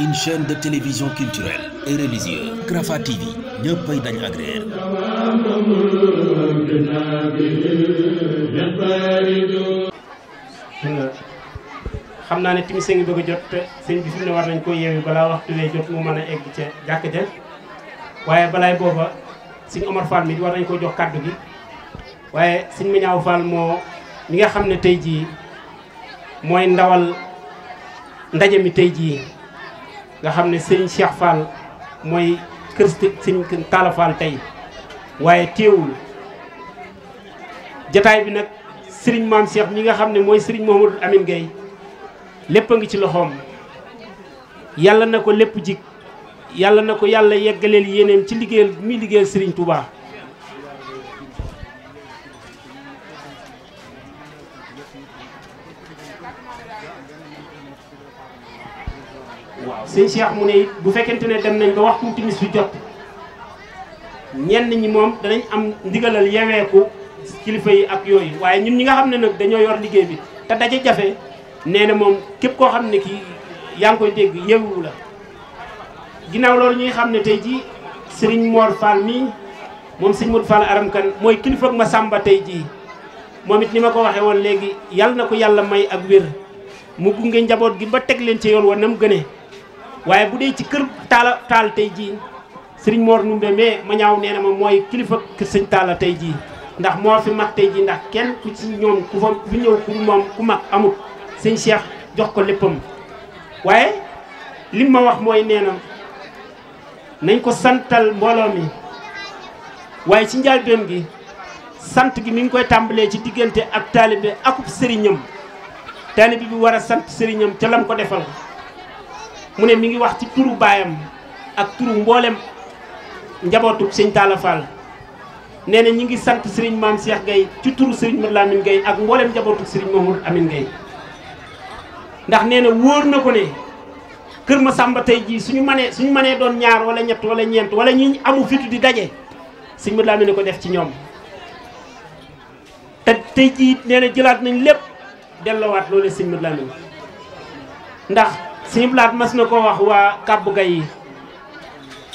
une chaîne de télévision culturelle et religieuse Rafah TV ñëppay dañ agréer xam naa ne timis a ngi bëgg jot te sëñ bi fi ne war nañ ko yeewi balaa waxtu wee jot mu mën a egg ca jàkk ja waaye balaay booba sëñ Omar Fall mi war nañ ko jox kàddu gi waaye sëñ Mignane Fall moo mi nga xam ne tey jii mooy ndawal ndaje mi tey jii nga xam ne sëñ Cheikh Fall mooy kër sëñ Talla Fall tey waaye teewul jataay bi nag sëriñ maam Cheikh mi nga xam ne mooy sëriñ Mouhamadou Amine Gueye lépp a ngi ci loxoom yàlla na ko lépp jik yàlla na ko yàlla yeggaleel yéeneem ci liggéeyal bi muy liggéeyal sëriñ Touba. sëñ Cheikh mu ne bu fekkente ne dem nañ ba waxtu timis bi jot ñenn ñi moom danañ am ndigalal yeweeku kilifa yi ak yooyu waaye ñun ñi nga xam ne nag dañoo yor liggéey bi te daje jafe nee na moom képp koo xam ne kii yaa ngi koy dégg yeewu la. ginnaaw loolu ñuy xam ne tey jii Serigne moor Fall mii moom Serigne Modou Fall aramkan mooy kilifa ma sàmba tey jii moom it ni ma ko waxee woon léegi yal na ko yàlla may ak wér mu gunge njaboot gi ba teg leen ci yoon wa nam gënee. waaye bu dee ci kër taala jii sëriñ Mor Ndumbe mais ma ñaaw nee na ma mooy kilifa kër sëñ taala tey jii ndax moo fi mag tey jii ndax kenn ku ci ñoom ku fa ku ñëw ku moom ku mag amut sëñ Cheikh jox ko léppam waaye lim ma wax mooy neenam nañ ko santal mbooloo mi waaye ci njëlbéen gi sant gi mi koy tàmbalee ci diggante ab taalibe akub sëriñam taalibe bi war a sant sëriñam ca lam ko defal mu ne mi ngi wax ci turu baayam ak turu mboolem njabootu sëñ Talla Fall nee na ñi ngi sant Serigne Maam Cheikh Gueye ci turu Serigne Mame Lamine Gueye ak mboolem njabootu Serigne Mamadou Amine Gueye ndax nee na wóor na ko ne Kër Masamba tey jii suñu mënee suñu manee doon ñaar wala ñett wala ñeent wala ñi amu fitu di daje Serigne Mame Lamine ko def ci ñoom te tey jii nee jëlaat nañ lépp delloowaat loolu Serigne Mame Lamine ndax. suñu masina mas ko wax waa kàbbu gay yi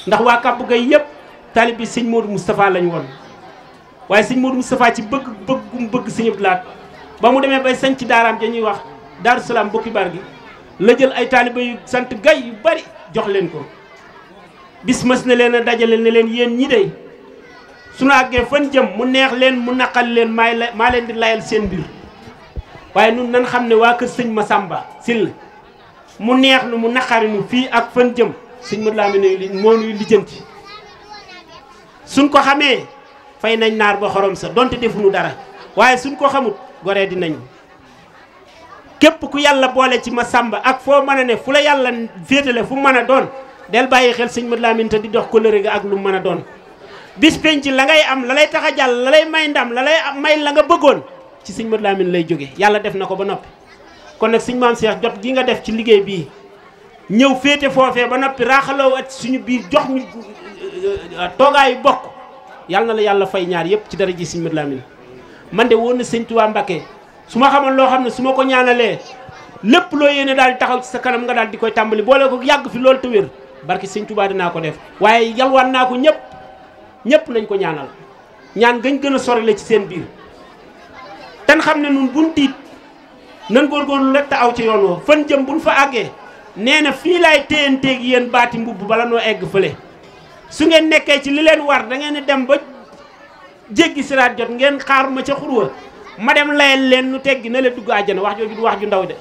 ndax waa kàbbu gay yëpp taalib bi sëñ Modou Moustapha lañ woon waaye sëñ Modou Moustapha ci bëgg bëggum bëgg suñu blaat ba mu demee bay sañ daaraam ja wax Daaru Salaam bokki bar gi la jël ay taaliba yu sant gay yu bari jox leen ko bis mas leen a dajale ne leen yéen ñi dey sunu àggee fan jëm mu neex leen mu naqal leen maay maa leen di layal seen mbir waaye nun nan xam ne waa kër ma sàmba sil mu neex nu mu naqari nu fii ak fan jëm suñ mën laa mel moo nuy lijjanti suñ ko xamee fay nañ naar ba xorom sa donte defuñu dara waaye suñ ko xamut goree dinañu képp ku yàlla boole ci ma sàmba ak foo mën a ne fu la yàlla féetale fu mën a doon del bàyyi xel sëñ Mat Lamin te di dox kóllëre ga ak lu mën a doon bis ci la ngay am la lay tax a jàll la lay may ndam la lay may la nga bëggoon ci sëñ Mat Lamin lay jóge yàlla def na ko ba noppi kon nag suñ maam Cheikh jot gi nga def ci liggéey bii ñëw féete foofee ba noppi raaxaloo at suñu biir jox ñu euh, euh, toogaayu bokk yàlla na la yàlla fay ñaar yëpp ci dara ji suñu Lamine man de woon na sëñ Tuubaa Mbàkke su ma xamoon loo xam ne su ma ko ñaanalee lépp loo yéene daal di taxaw ci sa kanam nga daal di koy tàmbali boole ko yàgg fi loolu te wér barki sëñ Tuubaa dinaa ko def waaye yalwaan naa ko ñëpp ñëpp nañ ko ñaanal ñaan gañ gën a sori ci seen biir. te nan góorgóorlu rek te aw ci yoon woo fan jëm buñ fa àggee nee na fii laay téyanteeg yéen baati mbubb bala noo egg fële su ngeen nekkee ci li leen war da ngeen di dem ba jéggi siraat jot ngeen xaar ma ca xurwa ma dem layal leen nu teggi na la dugg àjjana wax jooju du wax ju ndaw de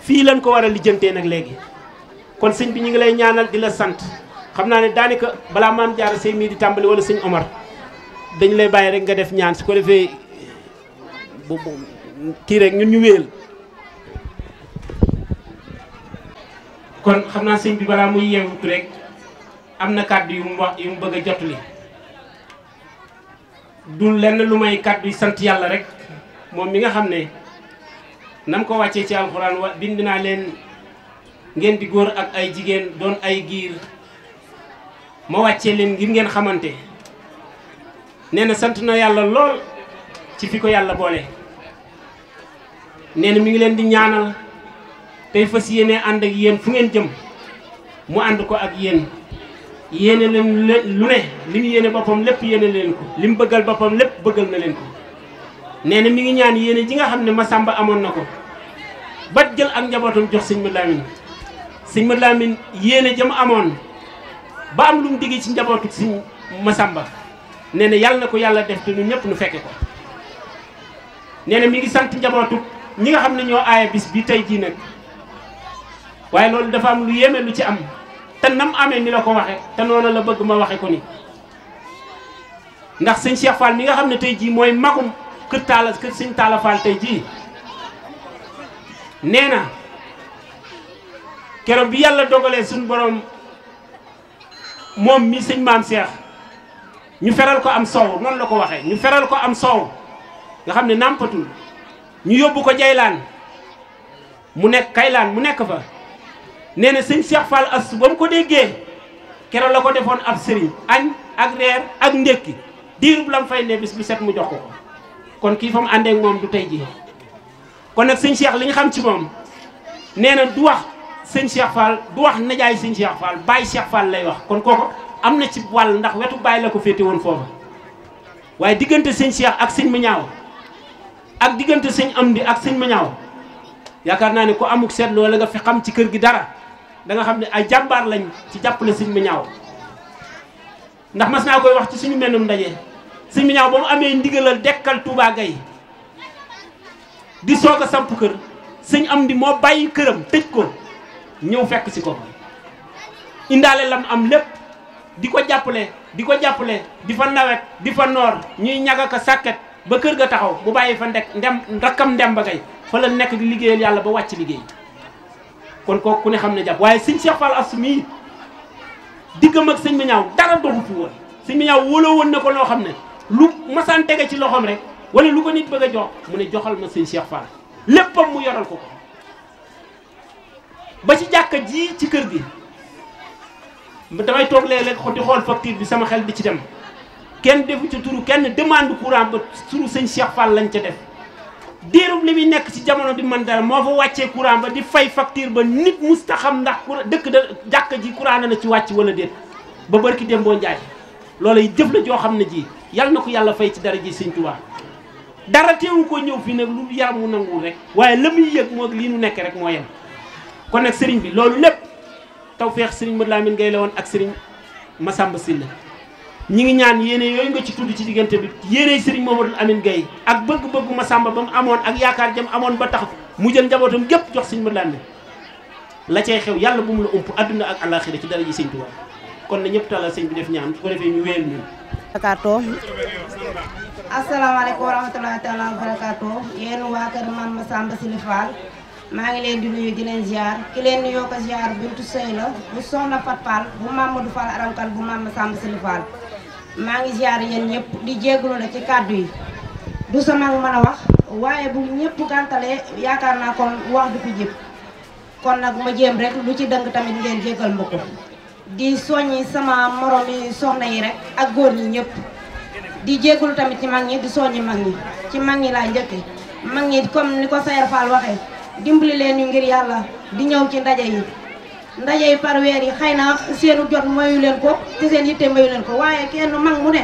fii lañ ko war a lijjantee nag léegi kon sëñ bi ñu ngi lay ñaanal di la sant xam naa ne daanaka balaa maam jaar sëy mii di tàmbali wala sëñ Omar dañ lay bàyyi rek nga def ñaan su ko kii rek ñun ñu wéyal kon xam naa sëñ bi balaa muy yeewut rekk am na kàddu yu mu wax yu mu bëgg a jot li du lenn lu may kàddu yi sant yàlla rek moom mi nga xam ne nam ko wàccee ci alxuraan wa bind naa leen ngeen di góor ak ay jigéen doon ay giir ma wàccee leen ngir ngeen xamante nee na sant na yàlla lool ci fi ko yàlla boole nee na mi ngi leen di ñaanal tey fas yéene ànd ak yéen fu ngeen jëm mu ànd ko ak yéen yéene leen lu ne li mu yéene boppam lépp yéene leen ko li mu bëggal boppam lépp bëggal na leen ko nee na mi ngi ñaan yéene ji nga xam ne Masamba amoon na ko bat jël ak njabootam jox sëñ Mate Lamine sëñ Mate Lamine yéene jëm amoon ba am lu mu digg ci njabootu sëñ Masamba nee na yàlla na ko yàlla def te ñun ñëpp nu fekke ko nee na sant njabootu ñi nga xam ne ñoo aaye bis bi tey jii nag waaye loolu dafa am lu yéeme lu ci am te nam amee mi la ko waxe te noonu la bëgg ma waxe ko ni ndax sëñ Cheikh Fall mi nga xam ne tey jii mooy magum kër taala kër sëñ taala Fall tey jii nee na keroog bi yàlla dogalee suñu borom moom mi sëñ maam Cheikh ñu feral ko am soow noonu la ko waxee ñu feral ko am soow nga xam ne nàmpatul ñu yóbbu ko jaylaan mu nekk kaylaan mu nekk fa nee na sëñ Cheikh Fall Astou ko déggee keroog la ko defoon ab sëriñ añ ak reer ak ndékki diirub lam fay ne bis bu set mu jox ko kon kii fa àndee moom du tey ji kon nag sëñ Cheikh li ñu xam ci moom nee na du wax sëñ Cheikh Fall du wax najaay sëñ Cheikh Fall baay Cheikh Fall lay wax kon kooko am na cib wàll ndax wetu baay la ko féete woon foofa waaye diggante sëñ Cheikh ak sëñ mu ñaaw ak diggante sëñ am di ak sëñ mañaaw yaakaar naa ne ku amuk seetlu wala nga fi xam ci kër gi dara danga xam ne ay jàmbaar lañ ci jàppale sëñ mañaaw ndax mas naa koy wax ci suñu mennum ndaje sëñ mañaaw ba mu amee ndigalal dekkal Touba Gaye di soog a samp kër sëñ am di moo bàyyi këram tëj ko ñëw fekk si ko indaale lam am lépp di ko jàppale di ko jàppale di fa nawet di fa noor ñuy ñaga ka sàkket ba kër ga taxaw mu bàyyi fa ndek ndem ndakkam ndem ba gay fa la nekk di liggéeyal yàlla ba wàcc liggéey kon kooku ku ne xam ne jàpp waaye sëñ Cheikh Fall Astou mii diggam ak sëñ bi ñaaw dara doxu fi woon sëñ bi ñaaw wóoloo woon na ko loo xam ne lu masaan tege ci loxoom rek wala lu ko nit bëgg a jox mu ne joxal ma sëñ Cheikh Fall léppam mu yoral ko ko ba ci jàkka ji ci kër gi damay toog léeg-léeg di xool facture bi sama xel di ci dem kenn defu ca turu kenn demande courant ba turu sëñ Cheikh lañ ca def diirub li muy nekk ci jamono di man dara moo fa wàccee courant ba di fay facture ba nit musta xam ndax dëkk da jàkk ji courant na ci wàcc wala déet ba barki ki boo njaay loolu yi jëf la joo xam ne ji yal na ko yàlla fay ci dara ji sëñ Tuubaa dara teewu ko ñëw fii nag lu yaram mu nanguwul rek waaye la muy yëg moo lii nu nekk rek moo yem kon nag sëriñ bi loolu lépp tawfeex sëriñ Modou Lamine Gueye la woon ak sëriñ Massamba Sylla ñi ngi ñaan yéene yooyu nga ci tudd ci diggante bi yéene Serigne Mamadou Amine Gueye ak bëgg-bëggu Massamba ba mu amoon ak yaakaar jam amoon ba tax mu jël njabootam gépp jox Serigne mu Amine la cay xew yàlla bu mu la ump adduna ak àllaaxira ci dara ji Serigne Touba kon na ñëpp talal sëñ bi def ñaan su ko defee ñu wéyal ñun. barakaatoo asalaamaaleykum wa rahmatullahi taala wa barakaatoo yéen waa kër Mame Massamba Sylla Fall maa ngi leen di nuyu di leen ziar ki leen nuyoo ko ziar Bintu Sey la bu Soxna Fat Fall bu Mamadou Fall aramkan bu Mame Massamba Sylla Fall maa ngi ziar yéen ñëpp di jégalu na ci kàddu yi du sama mën a wax waaye bu ñëpp gàntalee yaakaar naa ko wax du fi kon nag ma jéem rek lu ci dëng tamit ngeen jégal ma ko di soññi sama morom soxna yi rek ak góor ñi ñëpp di jégalu tamit ci mag ñi di soññi mag ñi ci mag ñi laa njëkke mag ñi comme ni ko Sayer Fall waxee dimbali leen ñu ngir yàlla di ñëw ci ndaje yi ndaje yi parweer yi xëy na seenu jot mayu leen ko te seen yitte mayu leen ko waaye kenn mag mu ne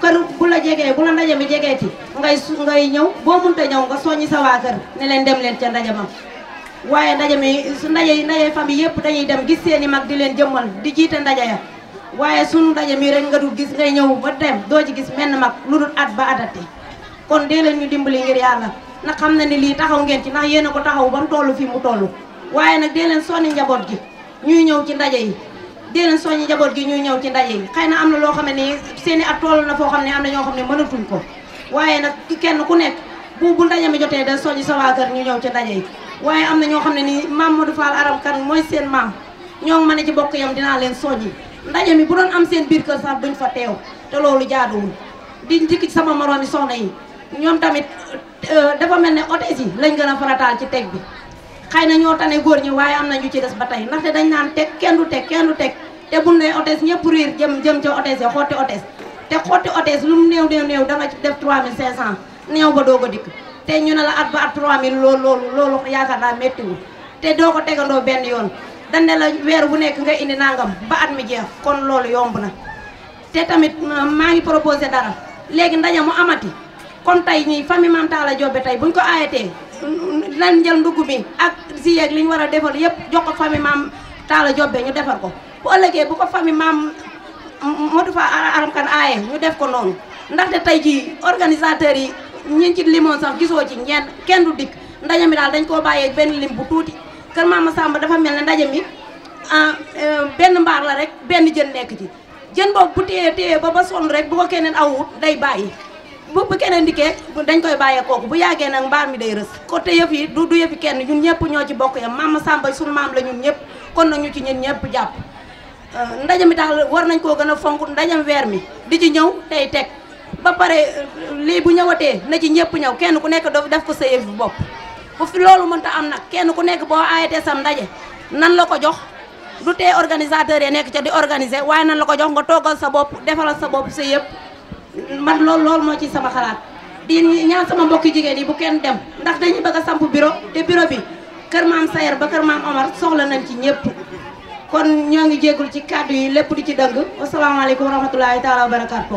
kër bu la jegee bu la ndaje mi jegeeti ngay ngay ñëw boo mënta ñëw nga soññi sa waa kër ne leen dem leen ca ndaje ma waaye ndaje mi su ndaje ndaje famille yëpp dañuy dem gis seen i mag di leen jëmmal di jiite ndaje ya waaye ndaje mi rek nga dul gis ngay ñëw ba dem doo ci gis menn mag lu dul at ba atati kon dee leen ñu dimbali ngir yàlla ndax xam na ni lii taxaw ngeen ci ndax yéen ko taxaw ba mu toll fii mu toll waaye nag dee leen soññi njaboot gi ñuy ñëw ci ndaje yi dee leen soññi njaboot gi ñuy ñëw ci ndaje yi xëy na am na loo xam ne nii seen i at toll na foo xam ne am na ñoo xam ne mënatuñ ko waaye nag kenn ku nekk bu bu mi jotee da soññi sa waa kër ñëw ci ndaje yi waaye am na ñoo xam ne nii maam Modou Fall arab kan mooy seen maam ñoo ma ne ci bokk yam dinaa leen soññi ndaje mi bu doon am seen biir kër sax duñ fa teew te loolu jaaduwul di dikk sama moroomi soxna yi ñoom tamit euh, dafa mel ne otes yi lañ gën a farataal ci teg bi xëy na ñoo tane góor ñi waaye am na ñu ci des ba tey ndaxte dañ naan teg kenn du teg kenn du teg te buñ ne hôtesse ñëpp riir jëm jëm ca hôtesse ya xotti hôtesse te xotti hôtesse lu mu néew néew néew da nga ci def 3500 néew ba doo ko dikk te ñu ne la at ba at 3000 loolu loolu loolu yaakaar naa méttiwul te doo ko tegandoo benn yoon dañ ne la weer bu nekk nga indi nangam ba at mi jeex kon loolu yomb na te tamit maa ngi proposé dara léegi ndaje mu amati kon tey ñuy famille Mame Talla Diobé tey buñ ko aayatee nañ jël ndugg mi ak si yeeg li ñu war a defal yëpp jox ko famille maam Talla Jobbe ñu defar ko bu ëllëgee bu ko famille maam Modou Fa Aram Kan aaye ñu def ko noonu ndaxte tey jii organisateurs yi ñi ci limoon sax gisoo ci ñenn kenn du dikk ndaje mi daal dañ koo bàyyee benn lim bu tuuti kër a Samba dafa mel ne ndaje mi ah, euh, benn mbaar la rek benn jën nekk ci jën boobu bu téyee ba ba sonn rek bu ko keneen awut day bàyyi bu bu keneen dikkee dañ koy bàyyee kooku bu yàggee nag mbaar mi day rës côté yëf yi du du yëfi kenn ñun ñëpp ñoo ci bokk ya maam Samba suñu maam la ñun ñëpp kon nañu ñu ci ñun ñëpp jàpp euh, ndaje mi tax war nañ koo gën a fonk ndajam weer mi di ci ñëw tey teg ba pare euh, lii bu ñëwatee na ci ñëpp ñëw kenn ku nekk daf def ko sa yëf bopp bu fi loolu mënta am nag kenn ku nekk boo aayatee sam ndaje nan la ko jox du tee organisateurs yi nekk ca di organiser waaye nan la ko jox nga toggal sa bopp defalal sa bopp sa yëpp man lool lool moo ci sama xalaat di ñaan sama mbokki jigéen yi bu kenn dem ndax dañuy bëgg a samp bureau te bureau bi kër maam Sayer ba kër maam Omar soxla nañ ci ñëpp kon ñoo ngi jéggul ci kàddu yi lépp di ci dëng wasalaamaaleykum wa rahmatulahi taala wa barakaatu